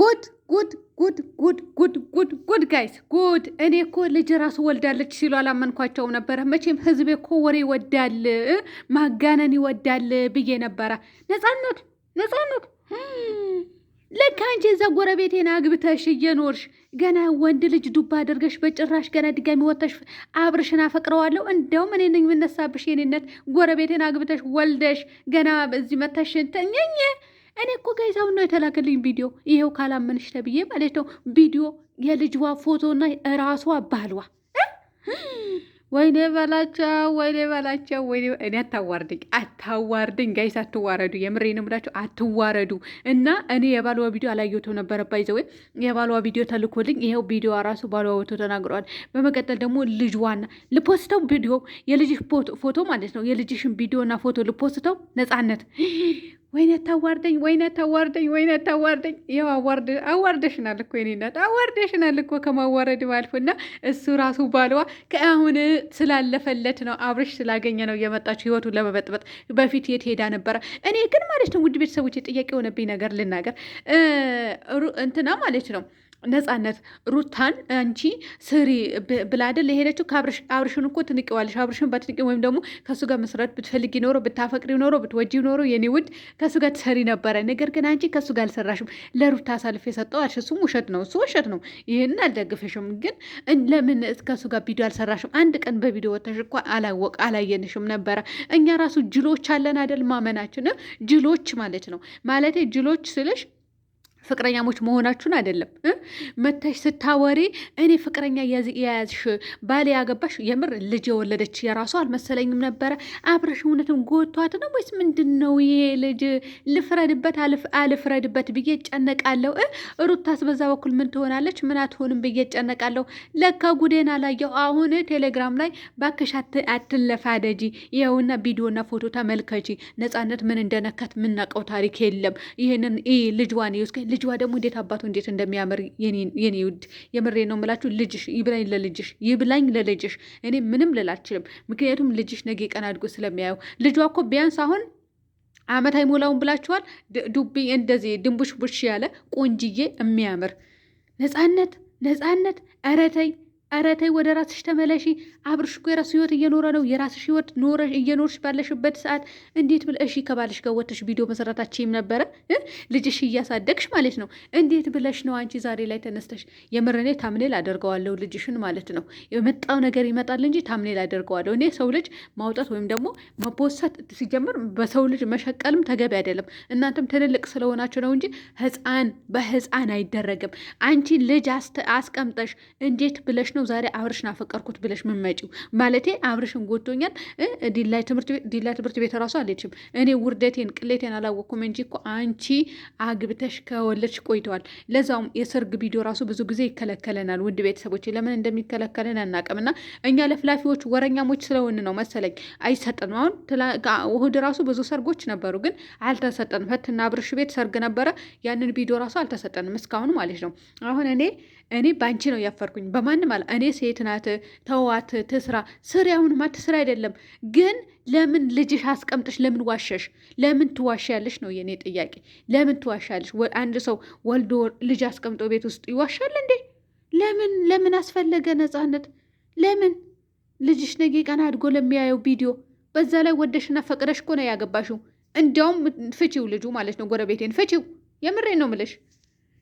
ጉድ ጉድ ጉድ ጉድ ጉድ ጉድ ጉድ ጋይስ ጉድ! እኔ እኮ ልጅ ራሱ ወልዳለች ሲሉ አላመንኳቸው ነበረ። መቼም ህዝቤ እኮ ወሬ ይወዳል፣ ማጋነን ይወዳል ብዬ ነበረ። ነጻነት ነጻነት ልክ አንቺ እዛ ጎረቤቴን አግብተሽ እየኖርሽ ገና ወንድ ልጅ ዱባ አድርገሽ በጭራሽ ገና ድጋሚ ወተሽ አብርሽን አፈቅረዋለሁ እንደውም እኔ ነኝ የምነሳብሽ የኔነት ጎረቤቴን አግብተሽ ወልደሽ ገና በዚህ መተሽን ተኘኘ እኔ እኮ ጋይዝ ነው የተላከልኝ ቪዲዮ። ይሄው ካላመንሽ ተብዬ ማለት ነው ቪዲዮ የልጅዋ ፎቶና ራሷ ባሏ። ወይኔ በላቸው፣ ወይኔ በላቸው፣ ወይኔ እኔ አታዋርድኝ፣ አታዋርድኝ። ጋይስ አትዋረዱ፣ የምሬ ነው የምላቸው፣ አትዋረዱ። እና እኔ የባልዋ ቪዲዮ አላየሁትም ነበረ ባይዘ ወይ የባልዋ ቪዲዮ ተልኮልኝ፣ ይኸው ቪዲዮ ራሱ ባልዋ ወቶ ተናግረዋል። በመቀጠል ደግሞ ልጅዋና ልፖስተው ቪዲዮ የልጅሽ ፎቶ ማለት ነው የልጅሽን ቪዲዮና ፎቶ ልፖስተው ነፃነት ወይነ ታዋርደኝ፣ ወይነ ታዋርደኝ፣ ወይነ ታዋርደኝ። ያው አዋርድ አዋርደሽናል እኮ የኔ እናት አዋርደሽናል እኮ ከማዋረድ ባልፎ እና እሱ ራሱ ባለዋ ከአሁን ስላለፈለት ነው አብርሽ ስላገኘ ነው የመጣችው ህይወቱ ለመበጥበጥ። በፊት የት ሄዳ ነበረ? እኔ ግን ማለት ነው ውድ ቤተሰቦች ጥያቄ የሆነብኝ ነገር ልናገር እንትና ማለት ነው ነጻነት ሩታን አንቺ ስሪ ብላ አይደል የሄደችው? አብርሽን እኮ ትንቂዋለሽ። አብርሽን በትንቂ ወይም ደግሞ ከሱ ጋር መስራት ብትፈልጊ ኖሮ ብታፈቅሪ ኖሮ ብትወጂ ኖሮ የኔ ውድ ከሱ ጋር ትሰሪ ነበረ። ነገር ግን አንቺ ከሱ ጋር አልሰራሽም። ለሩታ አሳልፍ የሰጠው አልሽ። እሱም ውሸት ነው፣ እሱ ውሸት ነው። ይህን አልደግፈሽም። ግን ለምን ከሱ ጋር ቪዲዮ አልሰራሽም? አንድ ቀን በቪዲዮ ወተሽ እኳ አላወቅ አላየንሽም ነበረ። እኛ ራሱ ጅሎች አለን አይደል? ማመናችን ጅሎች ማለት ነው። ማለቴ ጅሎች ስልሽ ፍቅረኛሞች መሆናችሁን አይደለም መተሽ ስታወሪ እኔ ፍቅረኛ የያዝሽ ባል ያገባሽ የምር ልጅ የወለደች የራሱ አልመሰለኝም ነበረ። አብረሽ እውነትም ጎቷት ነው ወይስ ምንድን ነው ይሄ ልጅ? ልፍረድበት አልፍረድበት ብዬ እጨነቃለሁ። ሩታስ በዛ በኩል ምን ትሆናለች ምን አትሆንም ብዬ እጨነቃለሁ። ለካ ጉዴን አላየው። አሁን ቴሌግራም ላይ ባክሽ አትለፋደጂ፣ ይኸውና ቪዲዮና ፎቶ ተመልከቺ። ነፃነት ምን እንደነካት ምናቀው ታሪክ የለም። ይህንን ልጅዋን ልጅዋ ደግሞ እንዴት አባቱ እንዴት እንደሚያምር የኔ ውድ የምሬ ነው ምላችሁ። ልጅሽ ይብላኝ ለልጅሽ ይብላኝ ለልጅሽ። እኔ ምንም ልላችልም ምክንያቱም ልጅሽ ነገ ቀን አድጎ ስለሚያየው። ልጇ እኮ ቢያንስ አሁን አመት አይሞላውን ብላችኋል። ዱቤ እንደዚህ ድንቡሽ ቡሽ ያለ ቆንጅዬ የሚያምር ነፃነት ነፃነት ኧረ ተይ ኧረ ተይ ወደ ራስሽ ተመለሺ። አብርሽ እኮ የራሱ ህይወት እየኖረ ነው። የራስሽ ህይወት እየኖርሽ ባለሽበት ሰዓት እንዴት ብለሽ እሺ ከባልሽ ጋር ወጥተሽ ቪዲዮ መሰራታችም ነበረ ልጅሽ እያሳደግሽ ማለት ነው። እንዴት ብለሽ ነው አንቺ ዛሬ ላይ ተነስተሽ የምር እኔ ታምኔል አደርገዋለሁ ልጅሽን ማለት ነው። የመጣው ነገር ይመጣል እንጂ ታምኔል አደርገዋለሁ። እኔ ሰው ልጅ ማውጣት ወይም ደግሞ መፖሳት ሲጀምር በሰው ልጅ መሸቀልም ተገቢ አይደለም። እናንተም ትልልቅ ስለሆናቸው ነው እንጂ ህፃን በህፃን አይደረግም። አንቺ ልጅ አስቀምጠሽ እንዴት ብለሽ ነው ነው ዛሬ አብርሽን አፈቀርኩት ብለሽ ምመጪው? ማለቴ አብርሽን ጎቶኛል። ዲላይ ትምህርት ቤት ራሱ አልሄድሽም። እኔ ውርደቴን ቅሌቴን አላወቅኩም እንጂ እኮ አንቺ አግብተሽ ከወለድሽ ቆይተዋል። ለዛውም የሰርግ ቪዲዮ ራሱ ብዙ ጊዜ ይከለከለናል። ውድ ቤተሰቦች ለምን እንደሚከለከለን እና እኛ ለፍላፊዎች ወረኛሞች ስለሆን ነው መሰለኝ አይሰጠንም። አሁን እሑድ ራሱ ብዙ ሰርጎች ነበሩ፣ ግን አልተሰጠንም። ፈትና አብርሽ ቤት ሰርግ ነበረ። ያንን ቪዲዮ ራሱ አልተሰጠንም እስካሁን ማለት ነው። አሁን እኔ እኔ በአንቺ ነው ያፈርኩኝ በማንም አለ እኔ ሴት ናት ተዋት ትስራ ስሪ አሁንማ ትስራ አይደለም ግን ለምን ልጅሽ አስቀምጥሽ ለምን ዋሸሽ ለምን ትዋሻለሽ ነው የእኔ ጥያቄ ለምን ትዋሻለሽ አንድ ሰው ወልዶ ልጅ አስቀምጦ ቤት ውስጥ ይዋሻል እንዴ ለምን ለምን አስፈለገ ነፃነት ለምን ልጅሽ ነገ ቀን አድጎ ለሚያየው ቪዲዮ በዛ ላይ ወደሽና ፈቅደሽ እኮ ነው ያገባሽው እንዲያውም ፍቺው ልጁ ማለት ነው ጎረቤቴን ፍቺው የምሬ ነው ምልሽ